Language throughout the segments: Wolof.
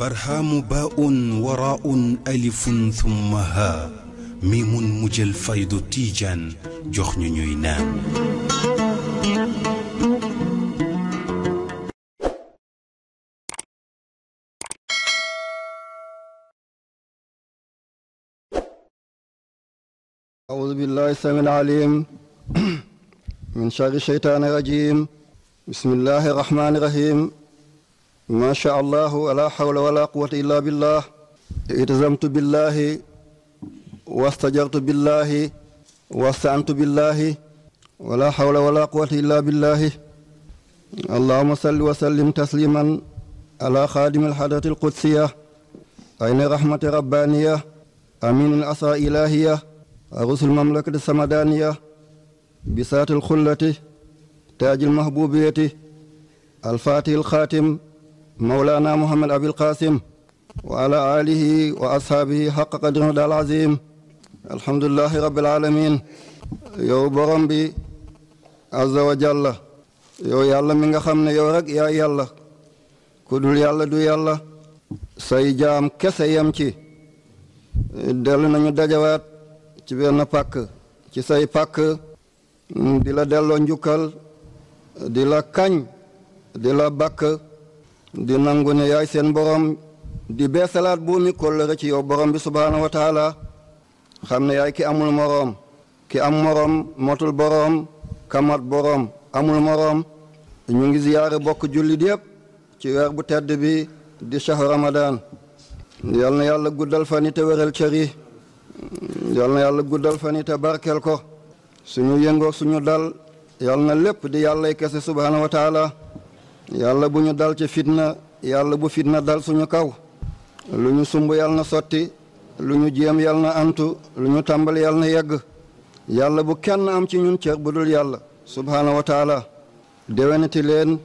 برهام باء وراء ألف ثم ها ميم مجل فيض تيجان جخن نينام أعوذ بالله السميع العليم من شر الشيطان الرجيم بسم الله الرحمن الرحيم ما شاء الله ولا حول ولا قوة إلا بالله التزمت بالله واستجرت بالله واستعنت بالله ولا حول ولا قوة إلا بالله اللهم صل وسلم تسليما على خادم الحضرة القدسية أين رحمة ربانية أمين الأسرى إلهية رسل المملكة السمدانية بسات الخلة تاج المحبوبية الفاتح الخاتم مولانا محمد أبي القاسم وعلى آله وأصحابه حق قدره العظيم الحمد لله رب العالمين yow borom bi azza wa jalla yow yàlla mi nga xam ne yow rek yaa yàlla ku dul yàlla du yàlla say jaam kese yem ci dellu nañu dajawaat ci benn pàkk ci say pàkk di la delloo njukkal di la kañ di la bakk di nangu ne yaay seen borom di beesalaat buumi kóllëre ci yow borom bi subhaanahu wa taala xam ne yaay ki amul moroom ki am moroom motul boroom kamat boroom amul moroom ñu ngi ziyaare bokk jullit yépp ci weer bu tedd bi di shahru ramadan yal na yàlla guddal fani te wéral cër yi yal na yàlla guddal fani te barkeel ko suñu yëngoo suñu dal yal na lépp di yàllay kese subhaanahu wa yàlla bu ñu dal ci fitna yàlla bu fitna dal suñu kaw lu ñu sumb yàlla na sotti lu ñu jéem yàlla na antu lu ñu tàmbali yàlla na yegg yàlla bu kenn am ci ñun cër bu dul yàlla subhaanahu wa taala déwénati leen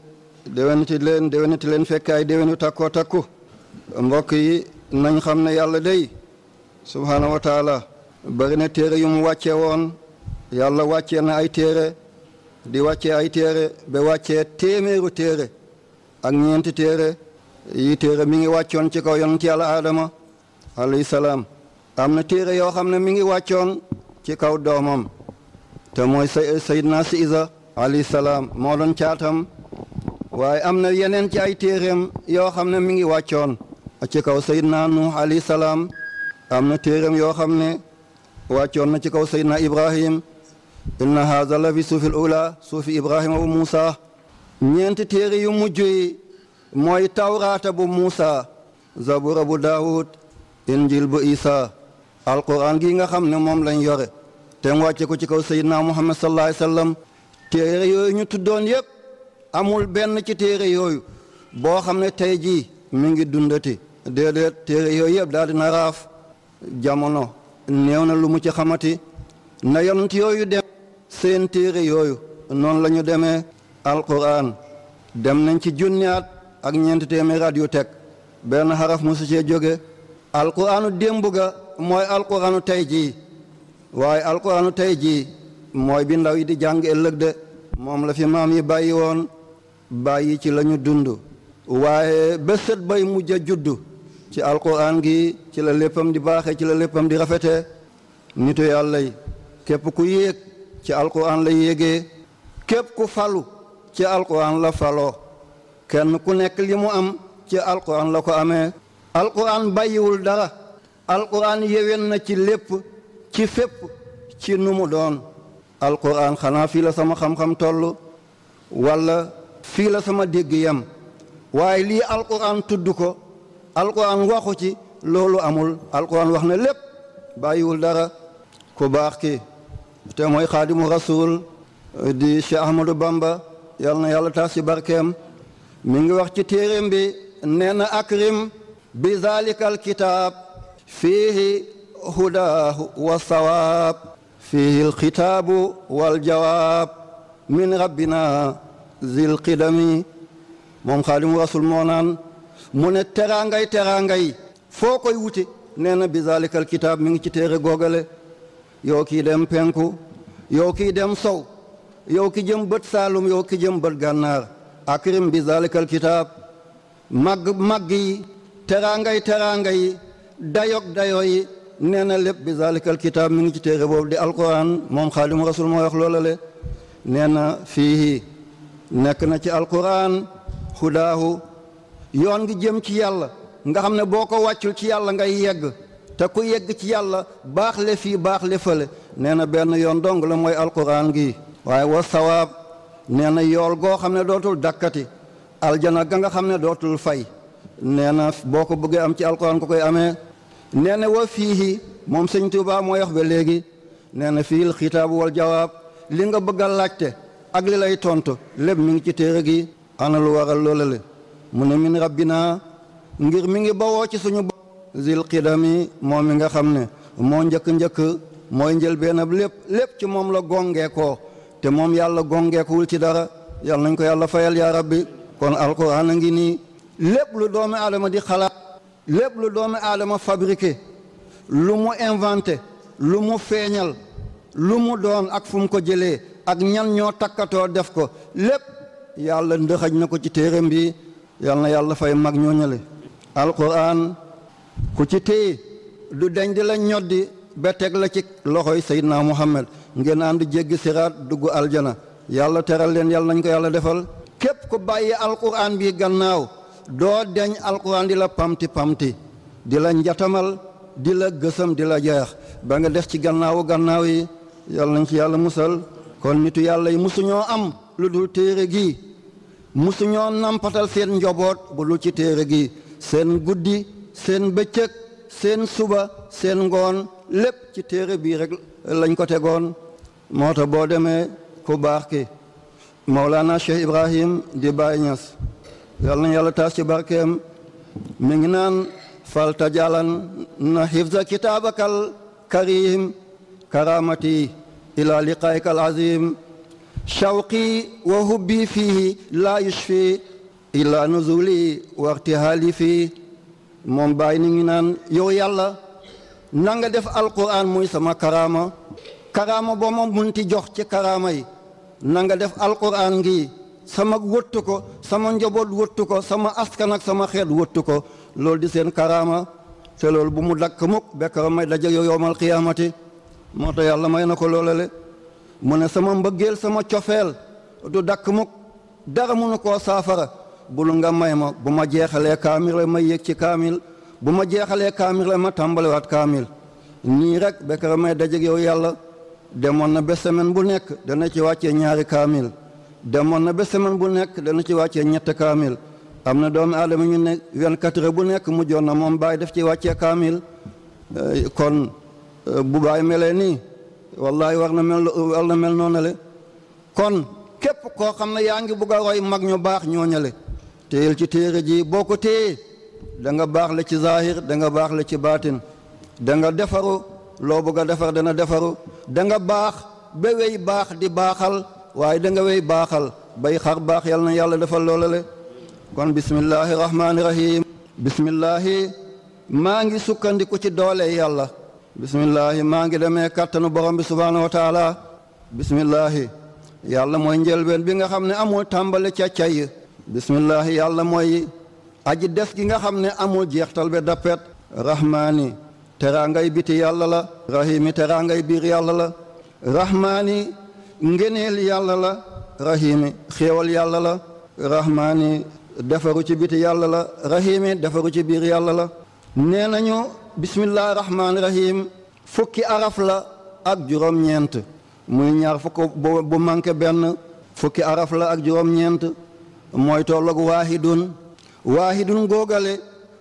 déwénati leen leen fekkaay déwén yu takkoo takku mbokk yi nañ xam ne yàlla day subhaanahu wa taala téere yu mu wàcce woon yàlla wàccee na ay téere di wàccee ay téere ba wàccee téeméeru téere a ñeenti téere yi téere mi ngi wàccoon ci kaw yonent yàlla aadama alayhi salaam am na téere yoo xam ne mi ngi wàccoon ci kaw doomam te mooy sayidna si isa alayhi salaam moo doon caatam waaye am na yeneen ci ay téereem yoo xam ne mi ngi wàccoon ci kaw sayidna nuux alayhi salaam am na téereem yoo xam ne wàccoon na ci kaw sayidna ibrahim inna haza la fi suufi l ula suufi ibrahima wa muusa ñeenti téere yu mujj yi mooy tawraata bu muusa zabura bu daawud injil bu isa alquran gi nga xam ne moom lañ yore te mu wàcce ko ci kaw sayidna muhammad sallallahu alayhi wasallam téere yooyu ñu tuddoon yépp amul benn ci téere yooyu boo xam ne tey jii mi ngi dundati déedéet téere yooyu yépp daal dina raaf jamono néew na lu mu ci xamati na yonent yooyu dem seen téere yooyu noonu lañu ñu demee alquran dem nañ ci junni at ak ñeenti téeméer at yu teg benn xaraf mosu cee jóge alquranu démb ga mooy alquranu teji jii waaye alquranu tey jii mooy bi ndaw yi di jàng ëllëg de moom la fi maam yi bàyyi woon bàyyi ci lañu dund waaye ba sët bay mujj juddu ci alquran gi ci la di baaxe ci la di rafete nitu yàlla yi képp ku yéeg ci alquran la yéegee ku falu ci alquran la faloo kenn ku nekk li mu am ci alquran la ko amee alquran bàyyiwul dara alquran yéwén na ci lépp ci fépp ci nu mu doon alquran xanaa fii la sama xam-xam toll walla fii la sama dégg yam waaye lii alquran tudd ko alquran waxu ci loolu amul alquran wax na lépp bàyyiwul dara ku baax ki te mooy xaadimu rasul di Cheikh Ahmadou Bamba yal na yàlla taas ci ngi wax ci téeréem bi nee na akrim bi zalikal kitaab fiihi hudaahu wa sawaab fiihi alxitaabu waljawaab min rabbina zil qidami moom xaadimu rasul moo mu ne teraangay teraangay foo koy wute nee na bi zalikal kitaab mi ngi ci téere googale yow kii dem penku yow kii dem sow yow ki jëm bët saalum yow ki jëm bët gànnaar akrim bi zalikal kitaab màgg màgg yi teraangay teraanga yi dayog dayo yi nee na lépp bi zalikal kitaab mi ngi ci téere boobu di alquran moom xaadimu rasul moo wax loolale nee na fii nekk na ci alquran xudaahu yoon ngi jëm ci yàlla nga xam ne boo ko wàccul ci yàlla ngay yegg te ku yegg ci yàlla baax le baax le fële nee na benn yoon dong la mooy alquran gi waaye wa sawaab nee na yool goo xam ne dootul dakkati aljana ga nga xam ne dootul fay nee na boo ko bëggee am ci alquran ko koy amee nee na wa fiihi moom sëñ Tuuba mooy wax ba léegi nee na fiil xitaabu wa jawaab li nga bëgg a laajte ak li lay tontu lépp mi ngi ci téere gi ana lu waral loola le mu ne min rabbina ngir mi ngi bawoo ci suñu bo zil qidami moom mi nga xam ne moo njëkk-njëkk mooy njëlbeenam lépp lépp ci moom la gongee koo te moom yàlla gongeekuwul ci dara yàlla nañ ko yàlla fayal yaa rabbi kon alquran a ngi nii lépp lu doomi aadama di xalaat lépp lu doomi aadama fabriqué lu mu inventé lu mu feeñal lu mu doon ak fu ko jëlee ak ñan ñoo takkatoo def ko lépp yàlla ndëxaj na ko ci téeram bi yàlla na yàlla fay mag ñoo ñële alquran ku ci téye du deñ di la ñoddi ba teg la ci loxoy Seydina Muhammad ngeen ànd jéggi siraat dugg aljana yàlla teral leen yàlla nañ ko yàlla defal kep ku bàyyi alquran bi gannaaw doo deñ alquran di la pamti pamti dila njatamal di la dila di la jeex ba nga def ci gannaawu gannaaw yi ci musal kon nitu yàlla yi musuñoo am lu dul téere gi musuñoo nampatal sen njoboot bu dul ci téere gi sen guddi sen suba sen gon lep ci téere bii rek lañ ko moo tax boo demee ku baax ki Mawlana Cheikh Ibrahim di Baay Ñas yal taas ci barkeem mi ngi naan fal tajalan na hifza kitaabakal karim karamati ila liqaayka al azim shawqi wa hubbi fii la yushfi illa nuzuli wa irtihali fii moom Baay ni ngi naan yow yàlla na nga def alquran muy sama karama Karama boo ma munti jox ci karaama yi def alquran sama wëttu sama njaboot wëttu sama askan ak sama xeet wëttu lol loolu di seen karaama te loolu bu mu dakk mukk bekkara may daje yow yowmal qiyaamati moo tax may na ko loolale sama mbëggeel sama cofeel du dak mukk dara munu koo saafara bul nga may ma bu ma jeexalee kaamil la ma yëg ci kaamil bu ma jeexalee kaamil la ma rek may yow demoon na ba semaine bu nekk dana ci wàccee ñaari kaamil demoon na be semaine bu nekk dana ci wàccee ñett kaamil am na doomu aadama ñu ne vingt-quatre bu nekk mu mujjoon na moom baay def ci wàccee kaamil euh, kon euh, bu baay melee nii wallahi war na mel war mel noonu le kon képp koo xam ne yaa ngi bugg a roy mag ñu baax ñooñale téyel ci téere ji boo ko téyee da nga baax la ci zahir da nga baax la ci baatin da nga defaru loo bëgg a defar dana defaru danga baax ba wey baax di baaxal waaye da nga wey baaxal bay xar baax yal na yàlla defal loola le kon bismillaahi rahmaani rahiim bismillaahi maa ngi sukkandiku ci doole yàlla bismillaahi maa ngi demee kàttanu borom bi subhaanahu wa taala bismillaahi yàlla mooy njëlbeen bi nga xam ne amul tàmbali ca cay bismillaahi yàlla mooy aj des gi nga xam ne amul jeextal be dappet rahmaani teraangay biti yàlla la rahimi teraangay biir yàlla la rahmaani ngeneel yàlla la rahimi xéewal yàlla la rahmaani defaru ci biti yàlla la rahimi defaru ci biir yàlla la nee nañu bismillahi rahmaani rahim fukki araf la ak juróom-ñeent muy ñaar fukk bu manqué benn fukki araf la ak juróom-ñeent mooy tolloog waahidun waahidun góogale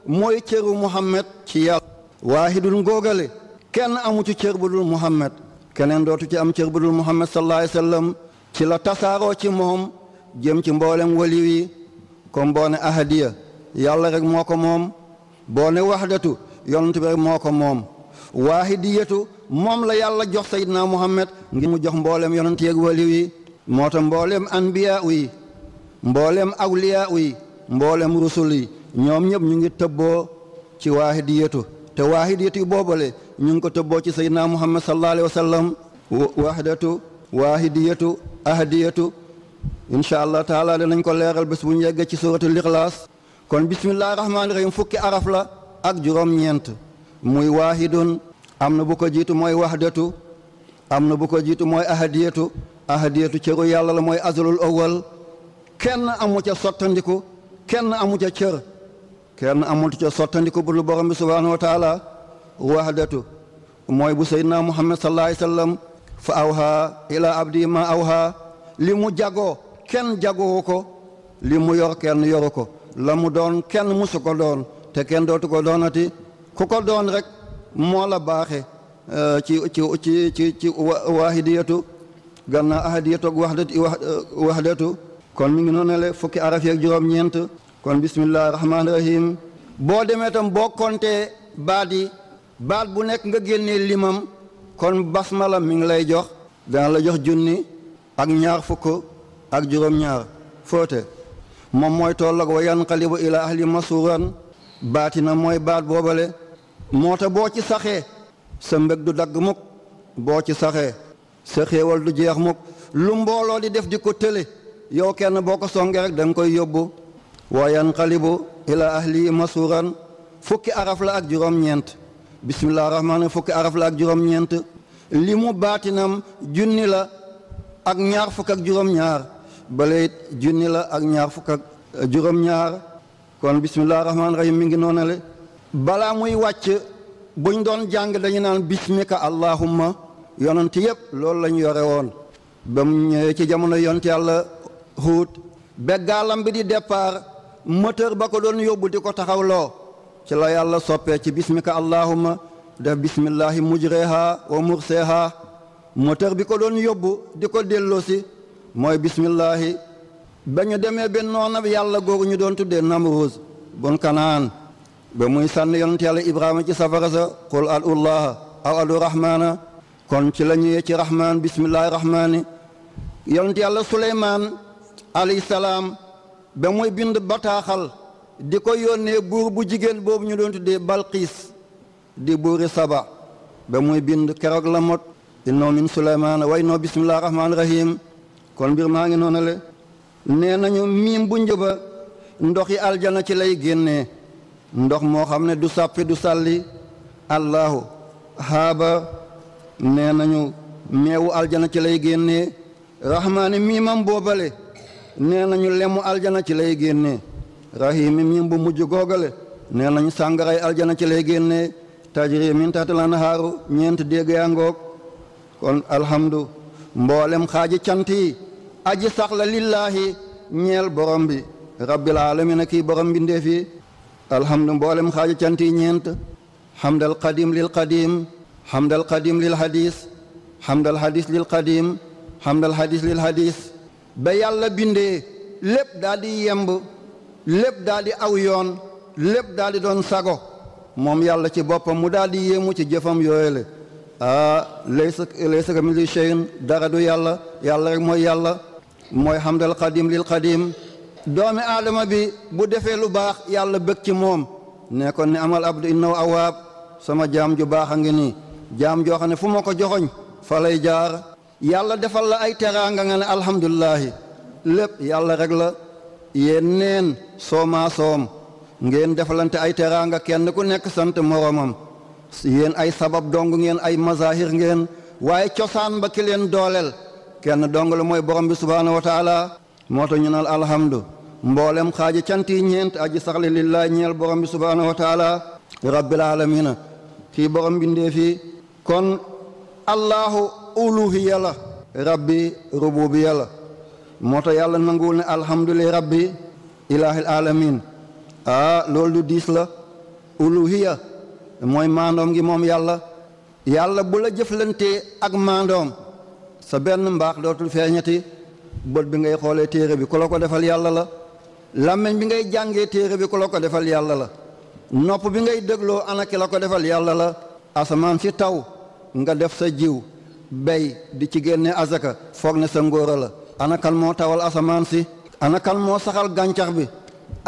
mooy cëru Muhammad ci yàlla waahidun góogale kenn amu ci cër bu dul muhammad keneen dootu ci am cër bu dul muhammad sallallahu alayhi wa sallam ci la tasaaroo ci moom jëm ci mboolem waliw yi comme boo ahadiya yàlla rek moo ko moom boo ne wahdatu yonent bi rek moo ko moom waahidiyatu moom la yàlla jox sayidna muhammad ngir mu jox mbooleem yonent yeeg waliw yi moo tax mboolem anbiya yi mboolem awliya yi mboolem rusul yi ñoom ñëpp ñu ngi tëbboo ci waahidiyatu te waahidiyati boobale ñu ngi ko tëbboo ci sayyidina muhammad sallallahu alayhi wa sallam wahdatu waahidiyatu ahdiyatu incha allah taala danañ ko leeral bés bu ñu yeggee ci suratul ixlaas kon bismillahi rahmaani rahim fukki araf la ak juróom-ñeent muy waahidun am na bu ko jiitu mooy wahdatu am na bu ko jiitu mooy ahadiyatu ahadiyatu cëru yàlla la mooy azalul awal kenn amu ca sottandiku kenn amu ca cër kenn amul ca sottandiku bu lu borom bi subhaanahu wa taala mooy bu seydina muhammad sallallahu alayhi wasallam fa awha ila abdi ma awha li mu jagoo kenn jagoowu ko li mu yor kenn yoru ko la mu doon kenn musu ko doon te kenn dootu ko doonati ku ko doon rek moo la baaxe euh, ci ci ci ci ci waahidiyatu gannaaw ahadiyatu ak wahdatu kon mi ngi noonu le fukki araf juróom-ñeent kon bisimillahi rahmaani rahim boo demee tam boo kontee baat yi baat bu nekk nga génnee limam kon bas basmala mi ngi lay jox dana la jox junni ak ñaar fukk ak juróom-ñaar fóote moom mooy tolloog wa yanqalibu ila ahli masuran baati na mooy baat boobale moo ta boo ci saxee sa mbég du dagg mukk boo ci saxee sa xéewal du jeex mukk lu mbooloo di def di ko tële yow kenn boo ko songee rek da koy yóbbu wa yanqalibu ila ahli masuran fukki araf la ak juróom-ñeent bisimilah rahmaani fukki araf la ak juróom-ñeent li mu baatinam junni la ak ñaar fukk ak juróom-ñaar bale junni la ak ñaar fukk ak eh, juróom-ñaar kon bisimilah rahmaani rahim mi ngi noonale balaa muy wàcc buñ doon jàng dañu naan bismika allahumma yonent yëpp loolu lañu yore woon ba mu ñëwee ci jamono yonent yàlla xuut beggaalam bi di départ moteur ba ko doon yóbbu di ko taxawloo ci la yàlla soppee ci bismika allahumma def bismillahi mujreha wa murseha moteur bi ko doon yóbbu di ko delloosi mooy bismillahi ba ñu demee ba noona yàlla googu ñu doon tuddee namruus bun kanaan ba muy sànni yonent yàlla ibrahima ci safara sa qul adu llaha aw adu rahmaana kon ci la ci rahmaan bismillahi rahmaani yonent yàlla suleymaan alayhi ba muy bind bataaxal di ko yónnee buur bu jigéen boobu ñu doon tuddee balqiis di buuri saba ba muy bind keroog la mot innoo min suleymaana way noo bisimilah rahmaani rahim kon mbir maa ngi noonu le nee nañu miim bu njëba ndox yi aljana ci lay génnee ndox moo xam ne du sàppi du sàlli allahu haaba nee nañu meewu aljana ci lay génnee rahmaani miimam boobale nee nañu lemu aljana ci lay génne rahim mim bu mujj gogale nee nañu sàngaray aljana ci lay génne tajri min tahtal anhaaru ñeent dégg yaa ngoog kon alhamdu mboolem xaaji cant aji la ñeel borom bi rabbil alamina kii borom bi ndeef alhamdu mboolem xaaji cant yi hamdal qadim lil qadim hamdal qadim lil hadis hamdal hadis lil qadim hamdal hadis lil hadis ba yàlla bindee lépp daal di yemb lépp daal di aw yoon lépp daal di doon sago moom yàlla ci boppam mu daal di yéemu ci jëfam yooyu la ah laysa laysa kamithlihi shay'un dara du yàlla yàlla rek mooy yàlla mooy hamdal qadim lil qadim doomi aadama bi bu defee lu baax yàlla bëgg ci moom ne kon ne amal abdu innahu awaab sama jaam ju baax a ngi nii jaam joo xam ne fu ma ko joxoñ fa jaar yàlla defal la ay teraanga nga ne alhamdulilahi lépp yàlla rek la yéen neen soomaa soom ngeen defalante ay teraanga kenn ku nekk sant moroomam yéen ay sabab dong ngeen ay mazahir ngeen waaye cosaan ba ki leen dooleel kenn dong la mooy borom bi subhaanahu wa taala moo tax ñu naan alhamdu mboolem xaaji cant yi ñeent aji saxli lillaay ñeel borom bi subhaanahu wa taala rabbil alamina kii borom bi ndee kon allahu uluhiya la rabbi rububiya la moo tax yàlla nanguwul ne alhamdulilah rabbi ilaahil alamin ah loolu du diis la uluhiya mooy maandoom gi moom yàlla yàlla bu la jëflantee ak maandoom sa benn mbaax dootul feeñati bët bi ngay xoolee téere bi ku la ko defal yàlla la làmmiñ bi ngay jàngee téere bi ku la ko defal yàlla la nopp bi ngay dégloo ana ki la ko defal yàlla la asamaan si taw nga def sa jiw bay di ci génne azaka foog ne sa ngóora la ana kan tawal asamansi, si ana kan moo saxal gàncax bi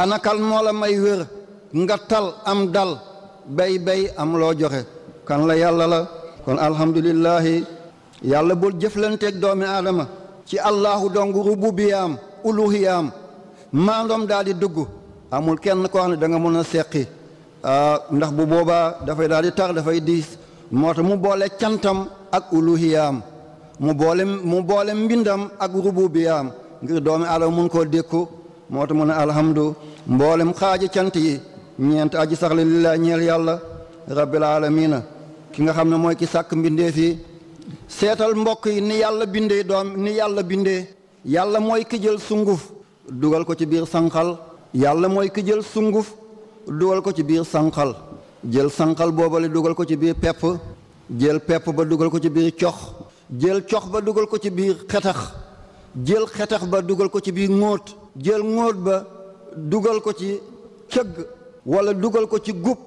ana kan moo la may wér nga tal am dal bay bay am loo kan la yàlla la kon alhamdulillahi yàlla bul jëflanteeg doomi aadama ci allahu dong rububiyaam uluhiyaam maandoom daal di dugg amul kenn koo xam ne da nga mën a seqi ah, ndax bu boobaa dafay di tar dafay diis moo tax mu cantam ak uluhiyaam mu boole mu boole mbindam ak rububiyaam ngir doomi aadama mun koo dékku moo tax mu ne alhamdu mboolem xaaji cant yi ñeent aji saxle lillaa ñeel yàlla rabbil alamina ki nga xam ne mooy ki sàkk mbindee fii seetal mbokk yi ni yàlla bindee doom ni yàlla bindee yàlla mooy ki jël sunguf dugal ko ci biir sànqal yàlla mooy ki jël sunguf dugal ko ci biir sànqal jël sanqal boobale dugal ko ci biir pepp jël pepp ba dugal ko ci biir cox jël cox ba dugal ko ci biir xetax jël xetax ba ngot ko ci biir jël ba dugal ko ci cëgg wala dugal ko ci gub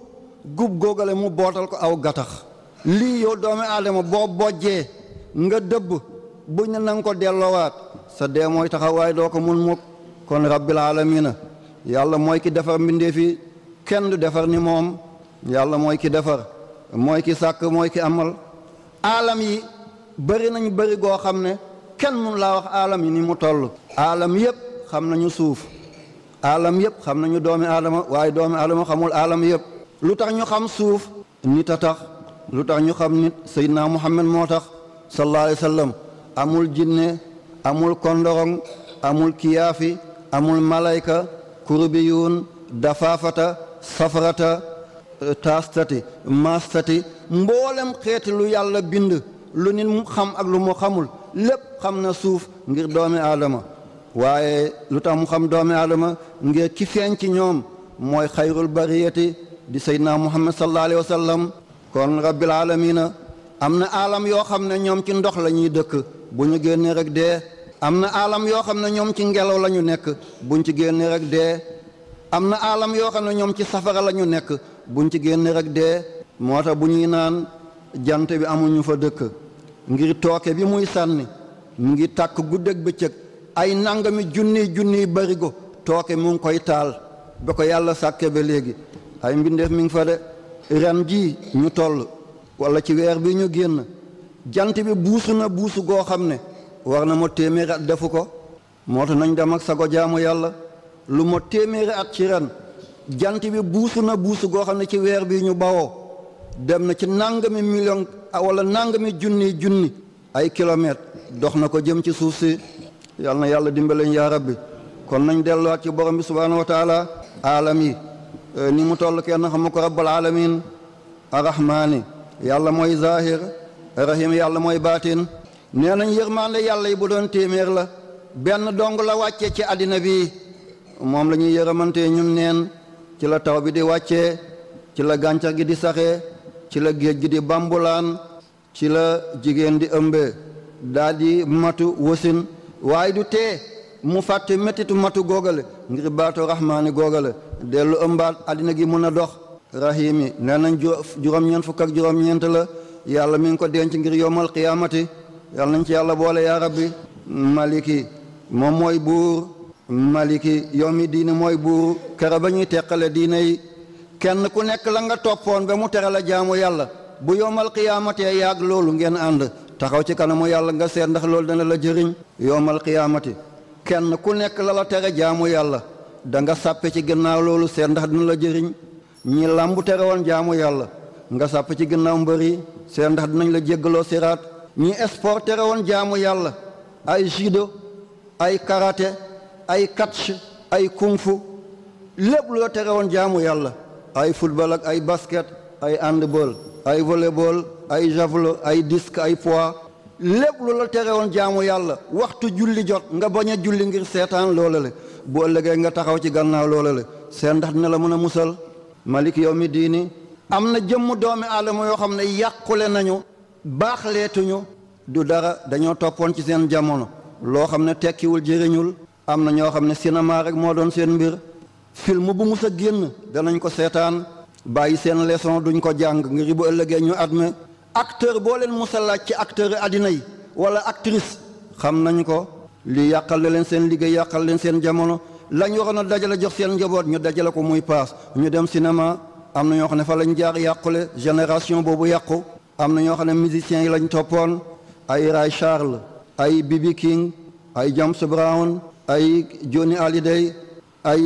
gub googale mu bootal ko aw gatax lii yow doomi aadama boo bojjee nga dëbb bu ñu nang ko delloowaat sa dee mooy taxawaay doo ko mun mukk kon rabbil alamina yàlla mooy ki defar mbindee fi kenn du defar ni moom yàlla mooy ki defar mooy ki sàkk mooy ki amal aalam yi bari nañ bari goo xam ne kenn mun laa wax aalam yi ni mu toll aalam yëpp xam nañu suuf aalam yëpp xam nañu doomi aadama waaye doomi aadama xamul aalam yëpp lu tax ñu xam suuf nit a tax lu tax ñu xam nit Seydina Muhammad moo tax sallallahu alayhi wa sallam amul jinne amul kondorong amul kiyaafi amul malayka kurubiyuun dafaafata safarata taastati maastati mboolem xeeti lu yàlla bind lu nit mu xam ak lu mu xamul lépp xam na suuf ngir doomi aadama waaye lu tax mu xam doomi aadama ngir ki feeñ ci ñoom mooy xayrul bariyati di seydina muhammad sallallahu alayhi wa sallam kon rabbil alamina am na alam yoo xam ne ñoom ci ndox la ñuy dëkk bu ñu génnee rek dee am na alam yoo xam ne ñoom ci ngelaw lañu nekk buñ ci génnee rek dee am na alam yoo xam ne ñoom ci safara la nekk buñ ci génn rek dee moo tax bu ñuy naan jant bi amuñu fa dëkk ngir tooke bi muy sànni mu ngi takk tàkk guddeeg cëg ay nangami junniy junniy barigo tooke mu koy taal ba ko yàlla sàkke ba léegi ay mbindeef mi ngi fa de ren jii ñu toll wala ci weer bi ñu génn jant bi buusu na buusu goo xam ne war na ma téeméeri at defu ko moo tax nañ dem ak sago yàlla lu ma téeméeri at ci ren jant bi buusu na buusu goo xam ne ci weer bi ñu bawoo dem na ci nangami million wala nangami junni junni ay kilomètres dox na ko jëm ci suuf si yal na yàlla dimbaleñ yaa rabbi kon nañ delluwaat ci borom bi subhaanahu wa alami eh, ni mu toll kenn xamu ko rabbal alamin arrahmaani yàlla mooy zahir rahim yàlla mooy baatin nee nañ yërmaande yàlla yi bu doon téeméer la benn dong la wàccee ci àddina bi moom la ñuy yërëmantee ñun neen ci la taw bi di wàccee ci la gi di saxe ci la gi di bambulaan ci la jigéen di di matu wasin waidute, du tee mu fàtte mettitu matu googale ngir baatu rahmaani googale dellu ëmbaat àddina gi dox rahimi nee nañ juróom-ñeent fukk ak juróom-ñeent la yàlla mi ngi ko denc ngir yomal kiamati, yàlla nañ ci yàlla boole yaa rabbi maliki moom maliki yawmi diine mooy buuru kere ba ñuy teqale diina yi kenn ku nekk la nga toppoon ba mu tere la jaamu yàlla bu yowmal qiyaamatee yaag loolu ngeen ànd taxaw ci kanamu yàlla nga seet ndax loolu dana la jëriñ yowmal qiyaamati kenn ku nekk la la tere jaamu yàlla da nga sàppe ci gannaaw loolu seet ndax dina la jëriñ ñi làmb tere woon jaamu yàlla nga sàpp ci gannaaw mbër yi seet ndax dinañ la jéggaloo siraat ñi sport tere woon jaamu yàlla ay judo ay catch ay kung fu lépp loo tere woon jaamu yàlla ay football ak ay basket ay handball ay volleyball ay javelot ay disque ay poids lépp lu la tere woon jaamu yalla waxtu julli jot nga bañ a julli ngir seetaan loola le bu ëllëgee nga taxaw ci gannaaw loola le ndax la musal malik yow mi diini am na jëmm doomi aadama yoo xam ne yàqule nañu baaxleetuñu du dara dañoo toppoon ci seen jamono lo xam tekkiwul am na ñoo xam ne cinéma rek moo doon seen mbir film bu mus génn danañ ko seetaan bàyyi seen leçon duñ ko jàng ngir bu ëllëgee ñu adme acteur boo leen mus a laaj ci acteur àddina yi wala actrice xam nañ ko li yàqal leen seen liggéey yàqal leen seen jamono lañ waroon a dajale jox seen njaboot ñu dajale ko muy paas ñu dem cinéma am na ñoo xam ne fa lañ jaar yàqule génération boobu yàqu am na ñoo xam ne musiciens yi lañ toppoon ay Ray Charles ay Johnny Hallyday ay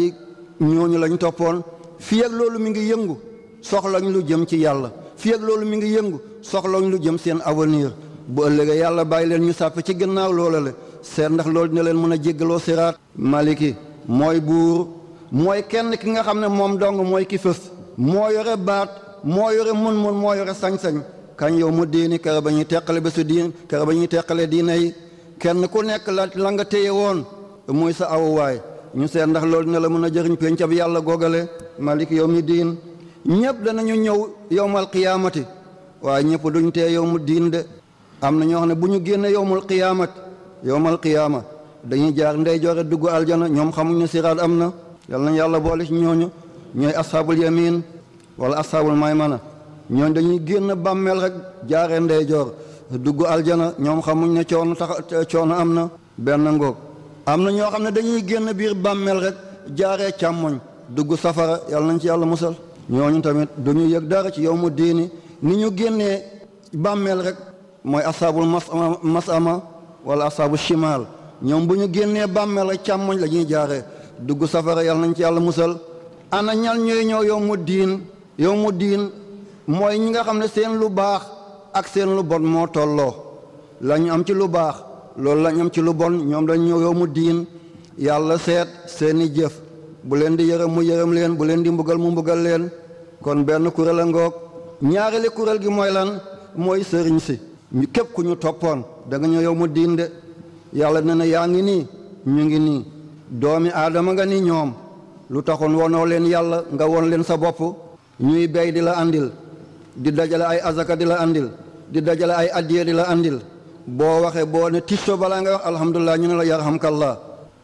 ñooñu lañu toppoon fii loolu mi ngi yëngu soxlañ lu jëm ci yàlla fii loolu mi ngi yëngu soxlañ lu jëm seen avonir bu ëllëgee yàlla bàyyi leen ñu sàpp ci gannaaw loola la seet ndax loolu dina leen mën a jéggaloo siraat maliki mooy buur mooy kenn ki nga xam ne moom dong mooy ki fës moo yore baat moo yore mën mun moo yore sañ-sañ kañ yow mu diini kara ba ñuy teqale ba su diin kara ba ñuy teqale diina yi kenn ku nekk la la nga téye woon mooy sa awuwaay ñu seet ndax loolu dina la mën a jëriñ pencab yàlla googale malik yawmi diin ñëpp danañu ñëw yowmal qiyaamati waaye ñëpp duñ tee yowmu diin de am na ñoo xam ne bu ñu génne yowmul qiyaamat yowmal qiyaama dañuy jaar ndey joore dugg aljana ñoom xamuñ ne siraat am na yal nañ yàlla boole ci ñooñu ñooy ashaabul yamin wala ashaabul maymana ñooñ dañuy génn bàmmeel rek jaaree ndeyjoor joor dugg aljana ñoom xamuñ ne coono tax coono am na benn ngoog am na ñoo xam ne dañuy génn biir bàmmeel rek jaaree càmmoñ dugg safara yàlla nañ ci yàlla musal ñooñu tamit du ñu yëg dara ci yow mu diini ni ñu génnee bàmmeel rek mooy asaabul mas masama wala asaabu shimaal ñoom bu ñu génnee bàmmeel rek càmmoñ la ñuy jaaree dugg safara yàlla nañ ci yàlla musal ana ñal ñooy ñëw yow mu diin yow mu diin mooy ñi nga xam ne seen lu baax ak seen lu bon moo tolloo la am ci lu baax loolu la ñam ci lu bon ñoom dañ ñëw yow mu diin yàlla seet seeni jëf bu di mu yërëm leen bu leen di mbugal mu mbugal leen kon benn kuréel a ngoog ñaareeli kuréel gi mooy lan mooy sëriñ si ñu képp ku ñu toppoon da nga ñëw yow diin de yàlla ne na yaa ngi ñu ngi nii doomi aadama nga ni lu taxoon wonoo leen yàlla nga won leen sa bopp ñuy bey di la andil di dajale ay azaka di la andil di dajale ay addiye di la andil boo waxee boo ne tisto balaa nga wax alhamdulilah ñu ne la yarhamkallah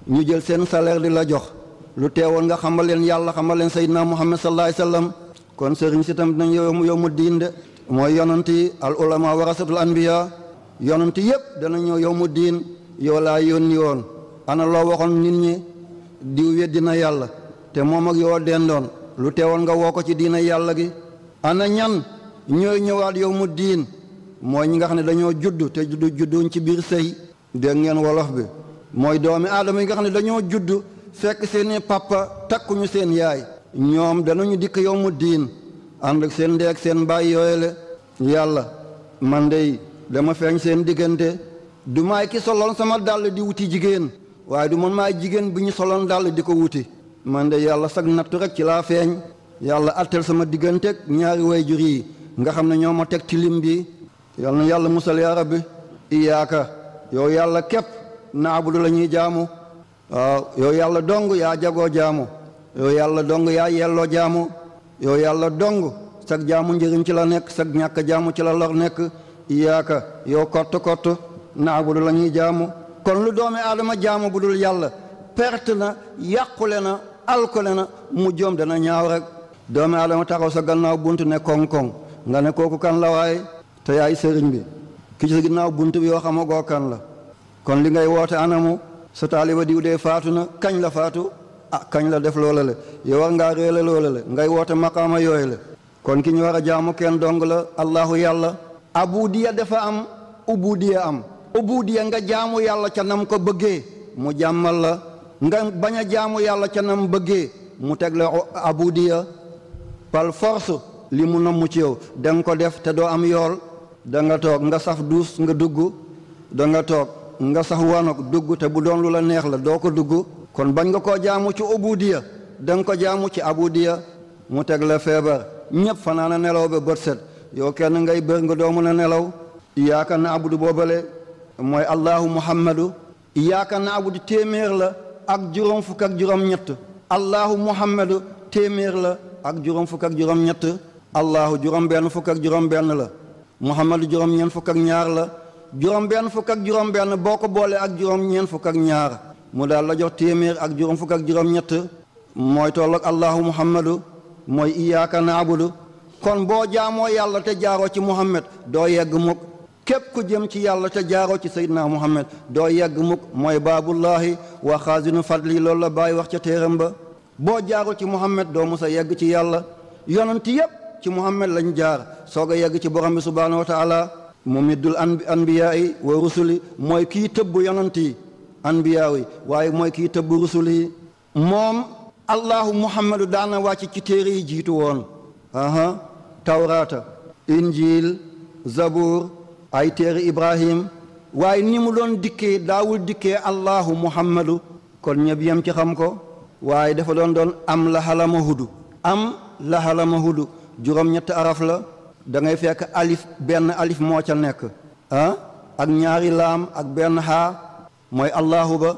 ñu jël seen salaire di la jox lu teewoon nga xamal leen yàlla xamal leen sayyidina muhammad sallallahu alayhi wasallam kon sëriñ si tam dinañ yow yow mu diin de mooy yonanti al ulama warasatul anbiya yonanti yëpp dana ñëw yow mu diin yow laa ni woon ana loo waxoon nit ñi diw weddi na yàlla te moom ak yow dendoon lu teewoon nga woo ko ci diina yàlla gi ana ñan ñooy ñëwaat yow mu diin mooy ñi nga xam ne dañoo judd te judd judduñ ci biir sëy dégg ngeen wolof bi mooy doomi aadama yi nga xam dañoo judd fekk seeni papa tak seen yaay ñoom danyo dikk yow mu diin ànd ak seen ndeeg seen bàyyi yooyale yàlla man dey dama feeñ seen diggante du maay ki soloon sama dal di wuti jigéen waaye du man maay jigéen bi ñu soloon di ko wuti man de yàlla sag nattu rek ci laa feeñ yàlla attel sama digganteeg ñaari way jur yi nga xam ne ci yal na yàlla musal yaa rabbi iyaaka yow yàlla képp naabudu la ñuy jaamu waaw yow yàlla dong yaa jagoo jaamu yow yàlla dong yaa yelloo jaamu yow yàlla dong sag jaamu njëriñ ci la nekk sag ñàkk jaamu ci la lor nekk iyaaka yow kott kott naabudu la ñuy jaamu kon lu doomi aadama jaamu bu dul yàlla perte na yàqule na alkole na mu joom dana ñaaw rek doomi aadama taxaw sa gannaaw bunt ne koŋ-koŋ nga ne kooku kan la te yaay sëriñ bi ki ci sa ginnaaw bunt bi yoo xamagoo kan la kon li ngay woote anamu sa taaliba diw dee faatu na kañ la faatu a ah, kañ la def loola la yow war ngaa réele loola la ngay woote maqaama yooyu la kon ki ñu war a jaamu kenn dong la allahu yàlla abudiya dafa am ubudiya am ubudiya nga jaamu yàlla ca nam ko bëggee mu jàmmal la nga bañ a jaamu yàlla ca nam bëggee mu teg la abudiya pal force li mu namm ci yow danga ko def te doo am yool da nga toog nga saf duus nga dugg da nga toog nga sax wanok dugg te bu doon lu la neex la doo ko dugg kon bañ nga koo jaamu ci ubudiya da nga ko jaamu ci abudiya mu teg la feebar ñëpp fanaana nelaw ba bët set yow kenn ngay bër nga doo mën a nelaw iyaaka na abudu boobale mooy allahu muhammadu iyaaka na abudu téeméer la ak juróom fukk ak juróom ñett allahu muhammadu téeméer la ak juróom fukk ak juróom ñett allahu juróom benn fukk ak juróom benn la muhammadu juróom ñeent fukk ak ñaar la juróom benn fukk ak juróom benn boo ko boolee ak juróom ñeent fukk ak ñaar mu daal la jox téeméer ak juróom fukk ak juróom ñett mooy tolloog allahu muhammadu mooy iyaaka naabudu kon boo jaamoo yàlla te jaaroo ci muhammad doo yegg mukk képp ku jëm ci yàlla te jaaroo ci seydina muhammad doo yegg mukk mooy baabullaahi wa xaasinu fadli loolu la bàyyi wax ca téeram ba boo jaaroo ci muhammad doo musa yegg ci yàlla yonent yépp ci muhammad lañu jaar soog a yegg ci borom bi subhaanahu wa taala mu middul anbiyaa yi wa rusuli mooy kii tëbb yonant yi anbiyaa yi waaye mooy kii tëbb rusul yi moom allahu muhammadu daana wàcc ci téere yi jiitu woon aha tawraata injil zabuur ay téere ibrahim waaye ni mu doon dikkee daawul dikkee allahu muhammadu kon ñëpp yem ci xam ko waaye dafa doon doon am laxalama hudu am laxalama hudu juróom-ñetti araf la da fekk alif benn alif moo ca nekk ah? ak ñaari laam ak benn xaa mooy allahu ba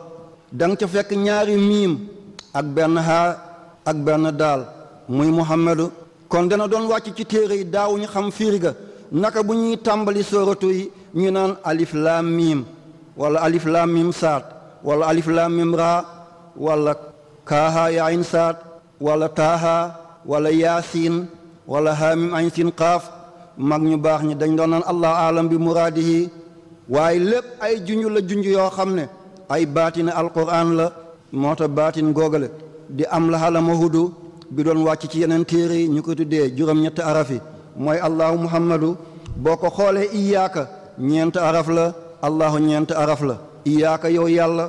da ca fekk ñaari miim ak benn xaa ak benn daal muy muhammadu kon dana doon wàcc ci téere yi daawuñu xam firiga naka bu ñuy tàmbali sooratu yi ñu naan alif laam miim wala alif laam miim saat wala alif laam miim raa wala kaaha yaayin saat wala taaha wala yaasiin wala haamim añ sin mag ñu baax ñi dañ doon noon allah alam bi muraadihi waaye lépp ay junj la junj yoo xam ne ay baatin alquran la moo tax baatin googale di am la xalama hudu bi doon wàcc ci yeneen téere yi ñu ko tuddee juróom-ñetti araf yi mooy allahu muhammadu boo ko xoolee iyaaka ñeent araf la allahu ñeent araf la iyaaka yow yàlla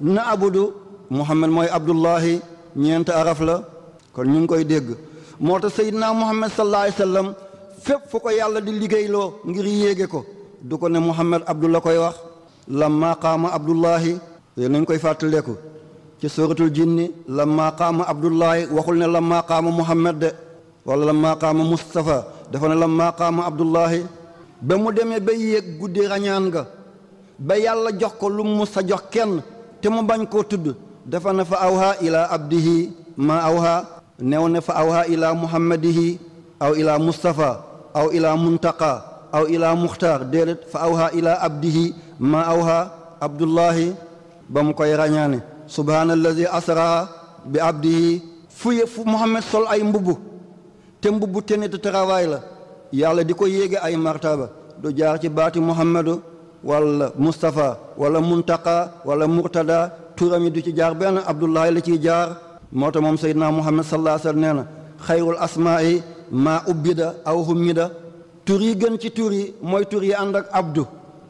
na abudu muhammad mooy abdullahi ñeent araf la kon ñu ngi koy dégg moo tax sayyidina muhammad sallallahu alayhi wa sallam fépp fu ko yàlla di liggéeyloo ngir yéege ko du ko ne muhammad abdu la koy wax lamma qaama abdullahi yéen nañ koy fàttaleeku ci suratul jinni lamma qaama abdullahi waxul ne lamma qaama muhammad de wala lamma qaama mustafa dafa ne lamma qaama abdullahi ba mu demee ba yéeg guddi rañaan nga ba yàlla jox ko lu mu sa jox kenn te mu bañ koo tudd dafa na fa awha ila abdihi ma awha newoon ne fa awha ila muhammadihi aw ila mustafa aw ila muntaqa aw ila muxtaar déedéet fa awha ila abdihi ma awha abdullahi ba koy ràññaane subhaanallazi asra bi abdihi fu muhammad sol ay mbubb te mbubb tenit travail la yàlla di ko yéege ay martaba du jaar ci baati muhammadu wala mustafa wala muntaqa wala murtada turam yi du ci jaar benn abdullahi la ciy jaar moo tax moom seydina muhammad sallallahu alayhi wa sallam nee na xayrul asmaa'i maa ubbida aw hummida tur yi gën ci tur yi mooy tur yi ànd ak abdu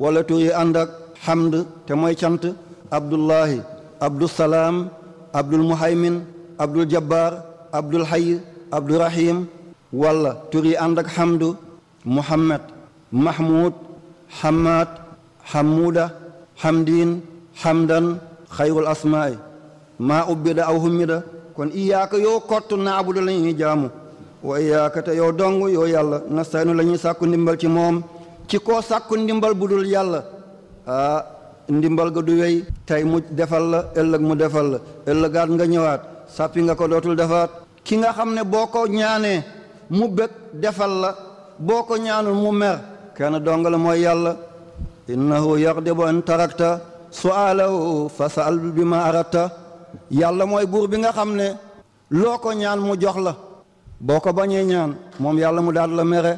wala tur yi ànd ak hamd te mooy cant abdullahi abdul salaam abdul muhaymin abdul jabbar abdul hayy abdul rahim wala tur yi ànd ak hamdu muhammad mahmud hamad hamuda hamdin hamdan xayrul asmaa'i maa ubbida aw hummida kon iyaaka yow kott naabudu la ñuy jaamu wa iyaaka te yow dong yow yàlla nastaynu la ñuy sàkku ndimbal ci moom ci koo sàkku ndimbal bu dul yàlla ndimbal ga du wey tey mu defal la ëllëg mu defal la ëllëgaat nga ñëwaat sàppi nga ko dootul defaat ki nga xam ne boo ko ñaanee mu bëgg defal la boo ko ñaanul mu mer kenn dong la mooy yàlla innahu yaqdibu an tarakta su'alahu fa sa'al bi ma aratta yàlla mooy buur bi nga xam ne loo ko ñaan mu jox la boo ko bañee ñaan moom yàlla mu daal la mere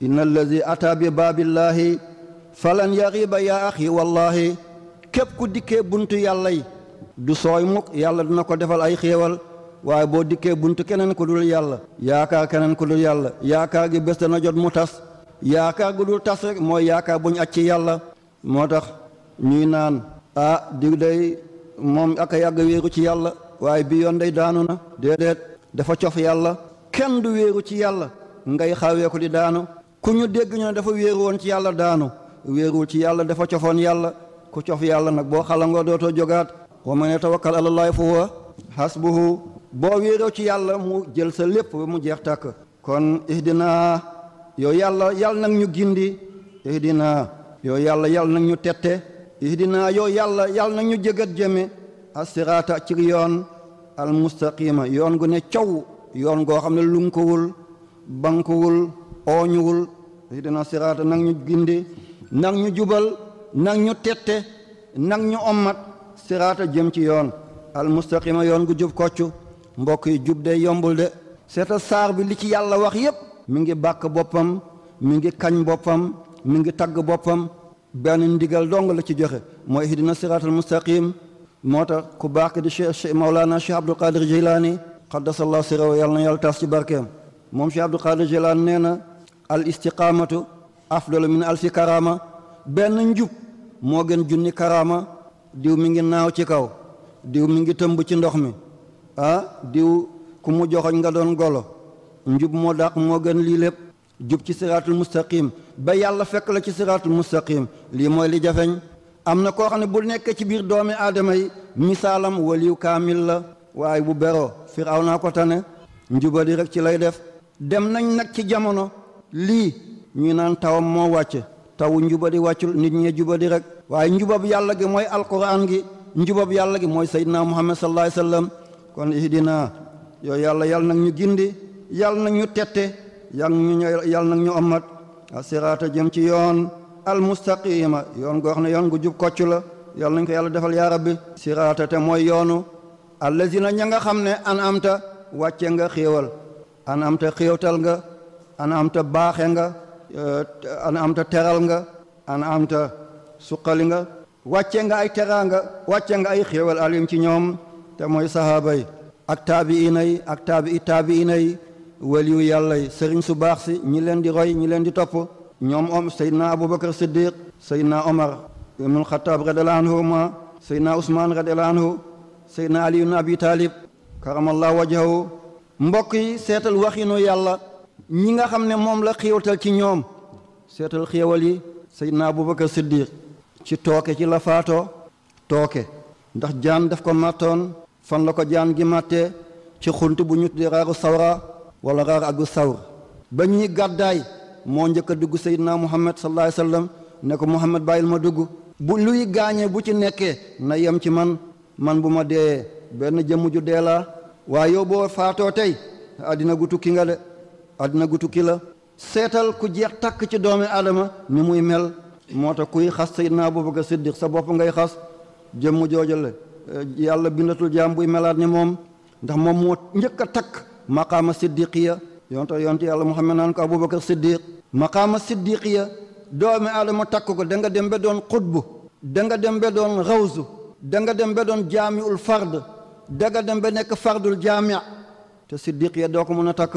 inna allazi ata bi baabillaahi falan yariba yaa axi wallaahi képp ku dikkee bunt yàlla yi du sooy mukk yàlla dina ko defal ay xéewal waaye boo dikkee bunt keneen ku dul yàlla yaakaar keneen ku dul yàlla yaakaar gi bés na jot mu tas yaakaar gu dul tas rek mooy yaakaar bu ñu yàlla moo tax ñuy naan ah di day moom ak a yàgg wéeru ci yàlla waaye bi yoon day daanu na déedéet dafa cof yàlla kenn du wéeru ci yàlla ngay xawee di daanu ku ñu dégg ñu ne dafa wéeru woon ci yàlla daanu wéeruwul ci yàlla dafa cofoon yàlla ku cof yàlla nag boo xalangoo dootoo jogaat wa man yatawakkal ala llaahi fa huwa hasbuhu boo wéeroo ci yàlla mu jël sa lépp ba mu jeex tàkk kon ihdina yow yàlla yàlla nag ñu gindi ihdina yow yàlla yàlla nag ñu tette ihdinaa yow yàlla yàlla na ñu jëgat jëme assiraata ci yoon almustaqima yoon gu ne coow yoon goo xam ne lunkuwul bankuwul ooñuwul ihdinaa siraata nag ñu gindi nag ñu jubal nag ñu tette nag ñu ommat siraata jëm ci yoon almustaqima yoon gu jub koccu mbokk yi jub de yombul de seeta saar bi li ci yàlla wax yépp mi ngi bàkk boppam mi ngi kañ boppam mi ngi tagg boppam benn ndigal dongo la ci joxe mooy ihdina siraatal mustaqim moo tax ku baax ki di cheikh Mawlana Cheikh Abdul Qadir Jilani xaddasallahu siraw yàlla na yàlla taas ci barkeem moom Cheikh Abdul Qadir Jilani nee na al istiqaamatu afdalu min alfi karama benn njub moo gën junni karama diw mi ngi naaw ci kaw diw mi ngi tëmb ci ndox mi ah diw ku mu joxoñ nga doon golo njub moo dàq moo gën lii lépp jub ci siraatul mustaqim ba yàlla fekk la ci siraatul mustaqim lii mooy li jafeñ am na koo xam ne bu nekke ci biir doomi aadama yi misaalam waliw kaamil la waaye bu beroo firaw naa ko tane njubadi rek ci lay def dem nañ nag ci jamono lii ñu naan tawam moo wàcce tawu njubadi wàccul nit ñee di rek waaye njubab yàlla gi mooy alquran gi njubab yàlla gi mooy sayyidina muhammad sallallahu alayhi wasallam kon ihdina yooyu yàlla yàlla nag ñu gindi yàlla nag ñu tette yàlla nag ñu amat asiraata jëm ci yoon almustaqima yoon goo xam ne yoon gu jub kocc la yàlla nañ ko yàlla defal yaa rabbi siraata te mooy yoonu na ña nga xam ne an amta wàcce nga xéewal an amta xéewtal nga an amta baaxe nga an amta teral nga an amta suqali nga wàcce nga ay teraanga wàcce nga ay xéewal alim ci ñoom te mooy sahaaba yi ak taabiina yi ak taabii taabiina yi waliyu yàlla yi sëriñ su baax si ñi leen di roy ñi leen di topp ñoom om seydna aboubacar siddiq seydna omar ibnul xataab radiallahu anhuma seydna ousmaan radiallahu anhu seydna ali ibn abi taalib karamallahu wajhahu mbokk yi seetal waxinu yàlla ñi nga xam ne moom la xiiwatal ci ñoom seetal xéewal yi seydna aboubacar siddiq ci tooke ci la faatoo tooke ndax jaan daf ko màttoon fan la ko jaan gi màttee ci xunt bu ñu di raaru sawra wala raar ak gu sawr ba ñuy gàddaay moo njëkk dugg Seydina Muhammad sallallahu alayhi sallam ne ko Muhammad bàyyil ma dugg bu luy gaañee bu ci nekkee na yem ci man man bu ma dee benn jëmm ju dee laa waaye yow boo faatoo tey àddina gu tukki nga de àddina gu tukki la seetal ku jeex takk ci doomi aadama ni muy mel moo tax kuy xas Seydina Abubakar Siddiq sa bopp ngay xas jëmm jooju la eh, yàlla bindatul jaam buy melaat ni moom ndax moom moo njëkk a takk maqaama siddiqiya yonte yonte yàlla muhammad naan ko abubakar siddiq maqaama siddiqiya doomi aadama takk ko da nga dem ba doon xutbu da nga dem ba doon rawsu da nga dem ba doon jaamiul fard da dem ba nekk fardul jaami te siddiq ya doo ko mën a takk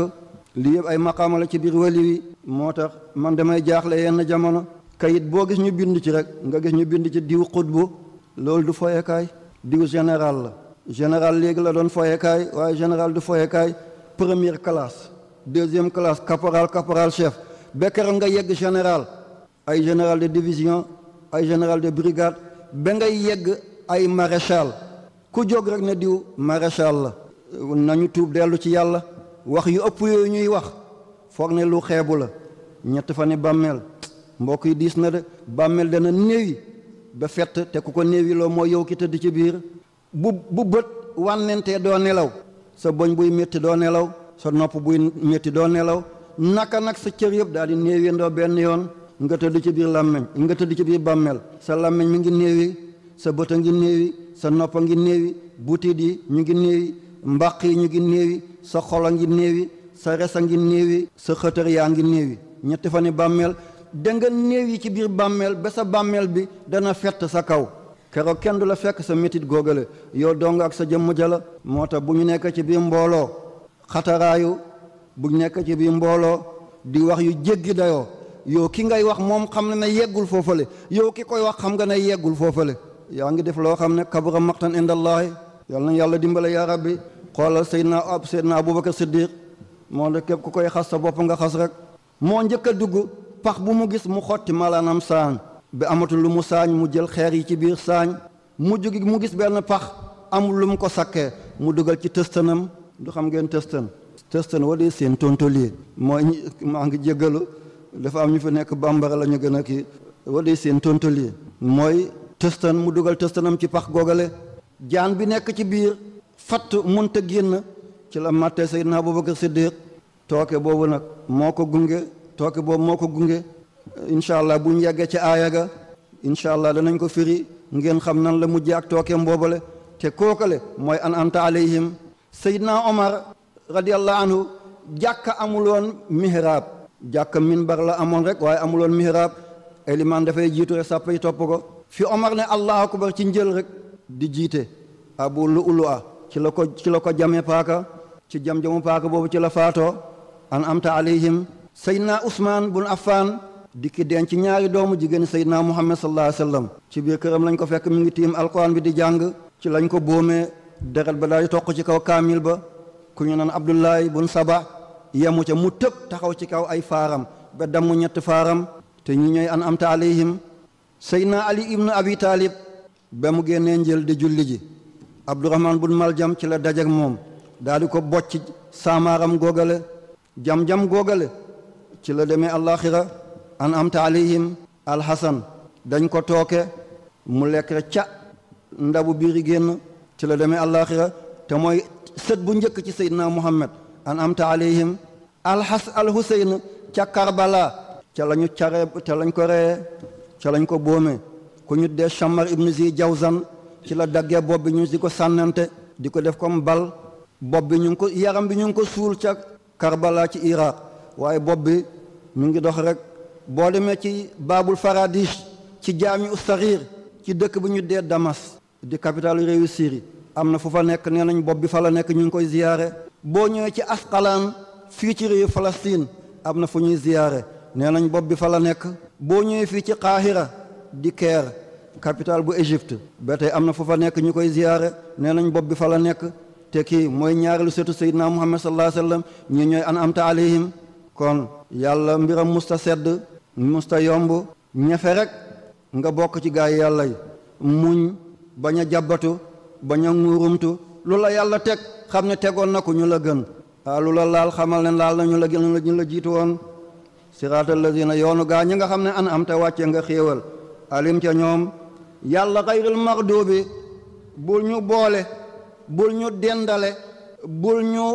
lii yëpp ay maqaama la ci biir wali moo tax man damay jaaxle yenn jamono kayit boo gis ñu bind ci rek nga gis ñu bind ci diw xutbu loolu du foyekaay diw général la général léegi la doon foyekaay waaye première classe deuxième classe caporal caporal chef ba nga yegg général ay général de division ay général de brigade ba nga yegg ay maréchal ku jog rek ne diw maréchal la nañu tuub delu ci Yalla, wax yu ëpp yooyu ñuy wax foog ne lu xeebu la ñett fa ne bammel, mbokk yi diis na de bàmmeel dana néwi ba fett te ku ko néewi loo mooy yow ki tëdd ci biir bu bu bët wànnentee do nelaw sa boñ buy métti doo nelaw sa nopp buy métti doo nelaw naka nag sa cër yëpp daal di néewéndoo benn yoon nga tëdd ci biir làmmeñ nga tëdd ci biir bàmmeel sa làmmeñ mi ngi néewi sa bët a ngi néewi sa nopp a ngi néewi butit yi ñu ngi néewi mbàq yi ñu ngi néewi sa xol a ngi sa res ngi sa xëtër yaa ngi néewi ñetti fani bàmmeel da nga néew ci biir ba sa bi dana sa kaw keroog kenn du la fekk sa métit góogale yow dong ak sa jëmm jala moo tax bu ñu nekkee ci biir mbooloo xataraayu bu ñu nekk ci biir mbooloo di wax yu jéggi dayoo yow ki ngay wax moom xam na ne yeggul foofale yow ki koy wax xam nga ne yeggul foofale yaa ngi def loo xam ne kabura maqtan indallaahi yal na yàlla dimbale yaa rabbi xoolal seydna ab seydna abubakar siddiq moo ne képp ku koy xas sa bopp nga xas rek moo njëkk a dugg pax bu mu gis mu xotti malaanam saan bi amatul lu mu saañ mu jël xeer yi ci biir saañ mu jógi mu gis benn pax amul lu mu ko sakkee mu dugal ci tëstanam du xam ngeen tëstan tëstan wala seen tontolier mooy maa ngi jéggalu dafa am ñu fi nekk bambara ñu gën a kii wala seen tontolier mooy tëstan mu dugal tëstanam ci pax googale jaan bi nekk ci biir fatt mënta génn ci la màttee Seydina Abubakar Siddiq tooke boobu nag moo ko gunge tooke boobu moo ko gunge incha allah bu ñu yeggee ci aaya ga incha danañ ko firi ngeen xam nan la mujjee ak tookeem boobale te kookale mooy an amta alayhim seydna omar radiallahu anhu jàkka amuloon mihrab jàkka minbar la amoon rek waaye amuloon mihrab eliman dafay jiitu rek sàpp yi topp ko fi omar ne allahu akbar ci njël rek di jiite abu lu ulu a ci la ko ci la jame paaka ci jam-jamu paaka boobu ci la faatoo an amta alayhim seydna usman bun affan di ki denc ñaari doomu jigéen sayyidina muhammad sallallahu Alaihi wasallam ci biir këram lañ ko fekk mi ngi tiim alquran bi di jàng ci lañ ko boomee deret ba daal di toq ci kaw ba ku ñu naan abdullahi bun saba yemu ca mu tëb taxaw ci kaw ay faaram ba damm ñett faaram te ñi ñooy an amta alayhim sayyidina ali ibnu abi talib ba mu génnee njël di julli ji abdurahman bun maljam ci la dajak moom daal di ko bocc samaram googale jam-jam googale ci la demee an amta alayhim alxasan dañ ko tooke mu lekk ca ndabu biiri génn ci la demee àllaaxira te mooy sët bu njëkk ci seydina muhammad an amta alayhim alxas alxuseyn ca karbala ca lañu care ca lañ ko reyee ca lañ ko boomee ku ñu dee chamar ibnu zi ci la daggee bopp bi ñu di ko sànnante di ko def comme bal bopp bi ñu ngi ko yaram bi ñu ngi ko suul ca karbala ci iraq waaye bopp bi mu ngi dox rek boo demee ci baabul faradis ci jaami ustarir ci dëkk bu ñu dee Damas di capitale réewu Syrie am na fu fa nekk nee nañ bopp bi fa la nekk ñu ngi koy ziyaare boo ñëwee ci Asqalaan fii ci réewu Palestine am na fu ñuy ziyaare nee nañ bopp bi fa la nekk boo ñëwee fii ci Qahira di Caire capitale bu Égypte ba tey am na fu fa nekk ñu koy ziyaare nee nañ bopp bi fal la nekk te kii mooy ñaareelu setu Seydina Muhammad sallallahu alayhi wa sallam ñi ñooy an amta alayhim kon yàlla mbiram musta sedd musta yomb ñafe rek nga bokk ci gaay yàlla yi muñ bañ a jàbbatu bañ a ŋuurumtu lu la yàlla teg xam ne tegoon na ko ñu la gën waa ah, lu la laal xamal ne laal na ñu la gën ñu la jiitu woon siraatal lazina yoonu gaa ñi nga xam ne ana am te wàcce nga xéewal alim ca ñoom yàlla xayril maxduubi bul ñu boole bul ñu dendale bul ñu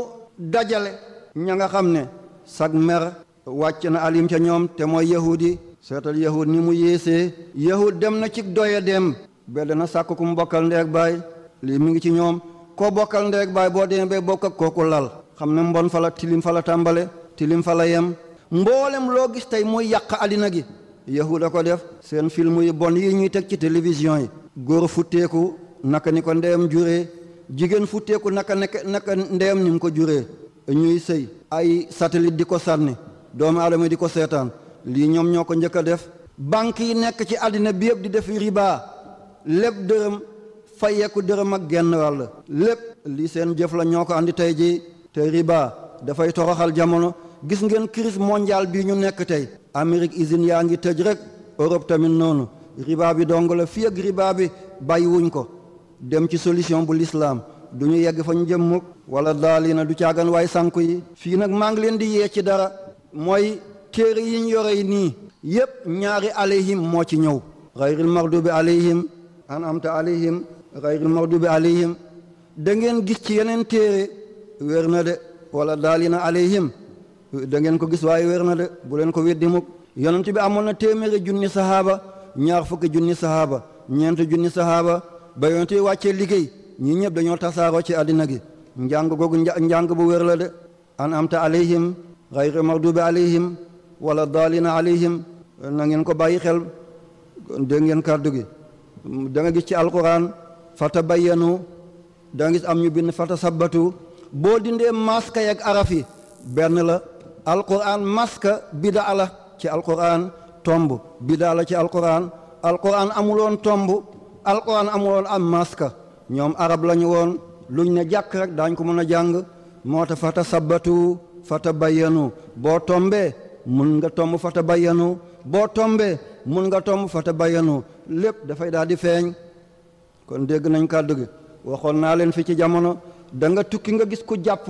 dajale ña nga xam ne sag mer wàcce na alim ca ñoom te mooy yahud yi seetal yahud ni mu yéesee yahud dem na ci doye dem ba na sàkk ku mu bokkal ndeeg baay lii mi ngi ci ñoom koo bokkal ndeeg baay boo demee bay bokk ak kooku lal xam na mbon fala tilim fala tàmbale tilim fala yem mboolem loo gis tey mooy yàq àddina gi yahuda ko def seen film yi bon yi ñuy teg ci télévision yi góor futteeku naka ni ko ndeyam juree jigéen futteeku naka naka naka ndeyam ni ko juree ñuy sëy ay satellite di ko sànni doomu aadama di ko seetaan lii ñoom ñoo ko njëkk a def banque yi nekk ci àddina bi yëpp di def riba lépp dërëm fayeeku dërëm ak genn wàll lépp lii seen jëf la ñoo ko andi tey ji te riba dafay toroxal jamono gis ngeen crise mondiale bii ñu nekk tey Amérique usine yaa ngi tëj rek Europe tamit noonu riba bi dong la fii ak riba bi wuñ ko dem ci solution bu lislaam du yegg fa ñu jëm mukk wala daal na du caagan waay sànku yi fii nag maa ngi leen di ci dara mooy téere yiñ yore yi nii yépp ñaari alayhim moo ci ñëw xayril maxdubi alayhim an amta alayhim xayril maxdubi alayhim da ngeen gis ci yeneen téere wér na de wala daalina alayhim da ngeen ko gis waaye wér na de bu leen ko weddi mukk yonent bi amoon na téeméeri junni sahaaba ñaar fukki junni sahaaba ñeent junni sahaaba ba yonent bi wàccee liggéey ñi ñëpp dañoo tasaaroo ci àddina gi njàng googu njàng bu wér la de an amta alayhim xayri magdubi alayhim wala daalina alayhim na ko bàyyi xel dégg ngeen kàddu gi da gis ci alquran fata bayyanu da nga gis am ñu bind fata sabbatu boo dindee maska yak araf yi benn la alquran maska bida la ci alquran tomb bidaa la ci alquran alquran amuloon tomb alquran amuloon am maska ñoom arab lañu woon luñ ne jàkk rek daañ ko mën a jàng moo tax fata sabbatu fatabayyanu boo tombee mun nga tomb fatabayyanu boo tombee mun nga tomb fatabayyanu lépp dafay daal di feeñ kon dégg nañ kàddu gi waxoon naa leen fi ci jamono da nga tukki nga gis ku jàpp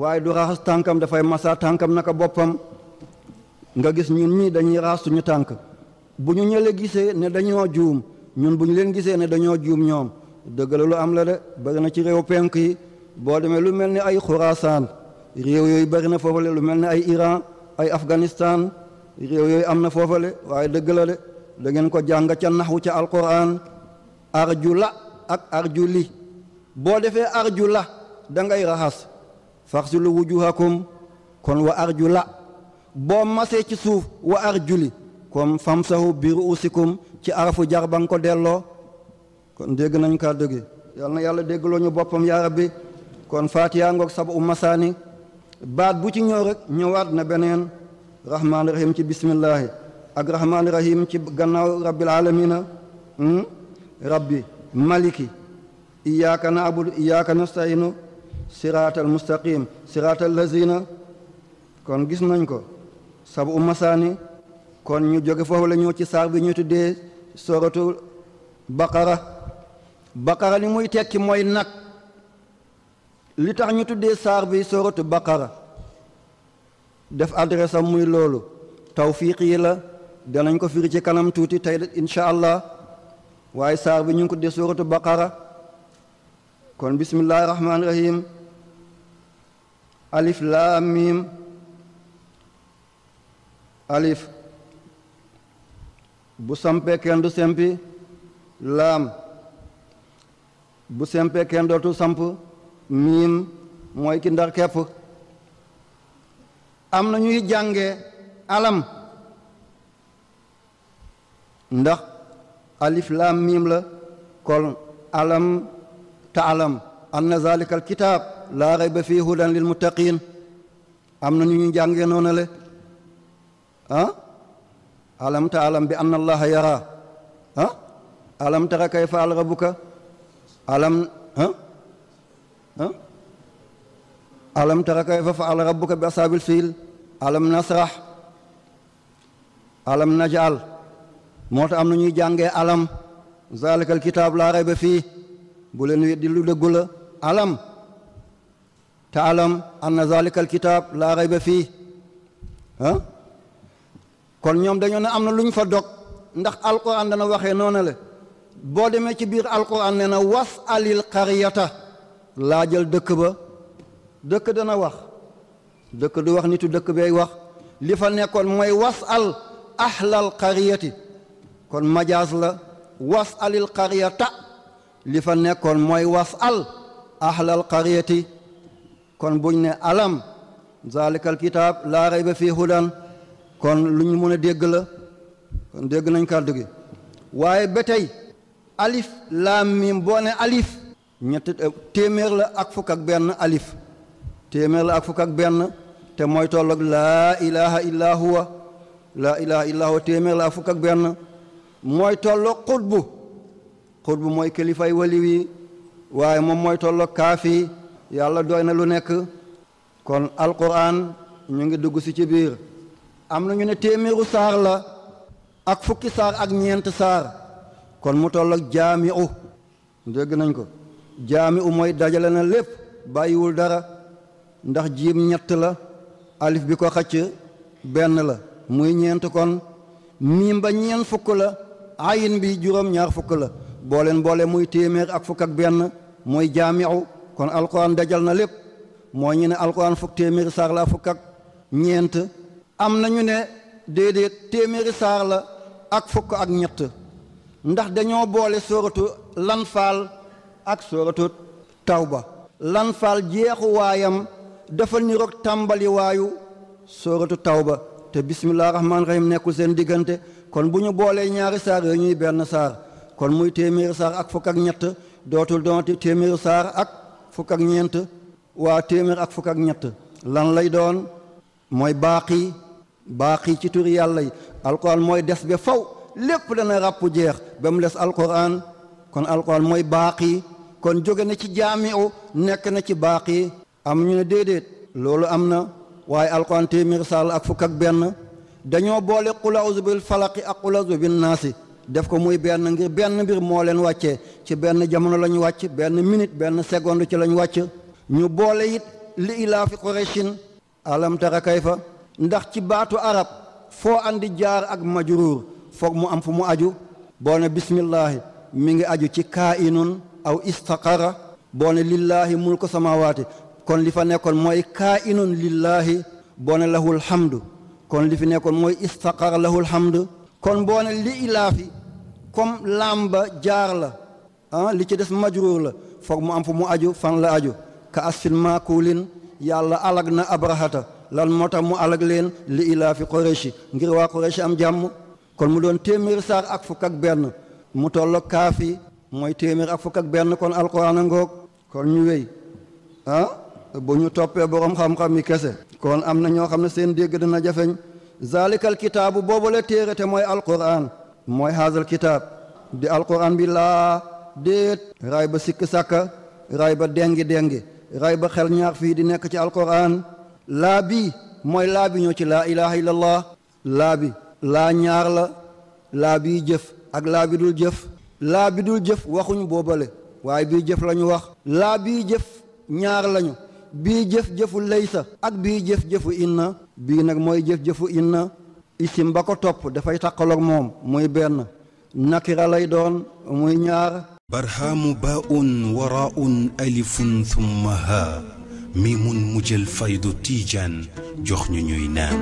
waaye du raxas tànkam dafay massa tànkam naka boppam nga gis ñun ñi dañuy raxas suñu tànk bu ñu ñële gisee ne dañoo juum ñun bu ñu leen gisee ne dañoo juum ñoom dëgg la lu am la de bëgg ci réew penk yi boo demee lu mel ni ay xuraasaan réew yooyu bari na foofale lu mel ay Iran ay Afghanistan réew yooyu am na foofale waaye dëgg la de da ngeen ko jàng ca ca alquran arjula ak arjuli boo defee arjula da ngay raxas faxsilu wujuhakum kon wa arjula boo masee ci suuf wa arjuli comme famsahu bi ruusikum ci arafu jar ba ko delloo kon dégg nañ kàddu gi yal na yàlla déggloo ñu boppam yaa rabbi kon fatiha ngoog sabu masaani baat bu ci ñëw rek ñëwaat na beneen rahmaani rahim ci bisimillahi ak rahmaani rahim ci gannaaw rabbil alamina hmm? rabbi maliki iyaaka na abudu iyaaka nastahinu siraatal mustaqim siraatal lazina kon gis nañ ko sabu masaani kon ñu jóge foofu la ñëw ci saar bi ñu tuddee soratu baqara baqara li muy tekki mooy nag li tax ñu tuddee saar bi sooratu baqara def adresse am muy loolu tawfiq yi la danañ ko firi ci kanam tuuti tey incha allah waaye saar bi ñu ngi ko tuddee sooratu baqara kon bismillahi rahmaani rahim alif laam miim alif bu sampee kenn du sempi laam bu sempee kenn dootu samp miim mooy ki ndar kepp am na ñuy jànge alam ndax alif laam miim la kon alam taalam anna zalika al kitaab laa rayba fii hudan lil muttaqin am na ñu ñu jànge noona le ah? alam taalam bi anna allaha yara ah alam tara kayfa al rabbuka alam ah ah alam tara kayfa fa'ala rabbuka bi ashaabil fiil alam nasrah alam najal moo tax am na ñuy jàngee alam zalikal kitaab laa rayba fii bu leen weddi lu dëggu alam te alam anna zalikal kitaab laa rayba fii kon ñoom dañoo ne am na lu ñu fa dog ndax alquran dana waxee noona la boo demee ci biir alquran ne na was alil qaryata laajal dëkk ba dëkk dana wax dëkk du wax nitu dëkk bay wax li fa nekkoon mooy wasal ahlal qariyati kon majaas la wasalil qariyata li fa nekkoon mooy wasal ahlal qariyati kon buñ ne alam zalikal kitaab laa rayba fii hudan kon lu ñu mën a dégg la kon dégg nañ kàddu gi waaye ba alif laam miim boo alif ñett eh, téeméer la ak fukk ak benn alif téeméer ak fukk ak benn te mooy tolloog laa ilaha illa laa ilaha illa huwa ak fukk ak benn mooy tolloog xutbu xutbu mooy kilifay waliw waaye moom mooy tollook kaafi yàlla dooy na lu nekk kon alquran ñu ngi dugg si ci biir am na ñu ne téeméeru saar la ak fukki saar ak ñeent saar kon mu tolloog jaamiu dégg nañ ko jaami u mooy dajale na lépp bàyyiwul dara ndax jiim ñett la alif bi ko xacc benn la muy ñeent kon miim ba ñeent fukk la ayin bi juróom ñaar fukk la booleen boole muy téeméer ak fukk ak benn mooy jaamiu kon alquran dajal na lépp moo ñu ne alquran fukk téeméeri saar la fukk ak ñeent am nañu ne déedéet téeméeri saar ak fukk ak ñett ndax dañoo boole sóoratu lan faal ak sooratut ba lan faal jeexu waayam dafa niroog tàmbali waayu sooratu tawba te bisimilah rahmaani rahiim nekkul seen diggante kon bu ñu boolee ñaari saar yooyu ñuy benn saar kon muy téeméeri saar ak fukk ak ñett dootul doonati téeméeri saar ak fukk ak ñeent waa téeméer ak fukk ak ñett lan lay doon mooy baaqi baaqi ci turi yàlla yi alquran mooy des ba faw lépp dana ràpp jeex ba mu des alquran kon alquran mooy baaqi kon jóge na ci jaamiu nekk na ci baaqi am ñu ne déedéet loolu am na waaye alquran téeméer saal ak fukk ak benn dañoo boole qul a'uuzu bil falaqi ak qul naasi def ko muy benn ngir benn mbir moo leen wàccee ci benn jamono lañu wàcc benn minit benn seconde ci lañu wàcc ñu boole it li ilaafi qurayshin alam tara kayfa ndax ci baatu arab foo andi jaar ak majruur foog mu am fu mu aju boo ne bismillaahi mi ngi aju ci kaa'inun aw istaqara boo ne lillaahi mulku samaawaati kon li fa nekkoon mooy kaa inun lillaahi boo lahul hamdu kon li fi nekkoon mooy istaqara lahul hamdu kon boo ne li ilaafi comme laam ba jaar la ah, li ci des majruur la foog mu am fu mu aju fan la aju ka asfin maakuulin yàlla alag na abrahata lan moo tax mu alag leen li ilaafi Quraysh ngir waa Quraysh am jàmm kon mu doon téeméeri saar ak fukk ak benn mu tollo kaafi mooy téeméer ak fukk ak benn kon alquran a ngoog kon ñu wéy ah ñu toppee borom xam-xam yi kese kon am na ñoo xam ne seen dégg dana jafeñ zalikal kitaabu boobu la téere te mooy alquran mooy haazal kitaab di alquran bi laa déet ray ba sikk sàkka ray ba dengi dengi ray ba xel ñaar fii di nekk ci alquran laa bi mooy laa bi ñoo ci laa ilaha illallah laa bi laa ñaar la laa bi jëf ak laa bi dul jëf laa bi dul jëf waxuñ boobale waaye bii jëf la wax laa bii jëf ñaar lañu bii jëf-jëfu laysa ak bii jëf-jëfu inna bii nag mooy jëf-jëfu inna isim ba ko topp dafay taqaloog moom muy benn nakira lay doon muy ñaar barhaamu baaun waraaun alifun thumma haa miimun mujjal faydu tiijaan jox ñu ñuy naan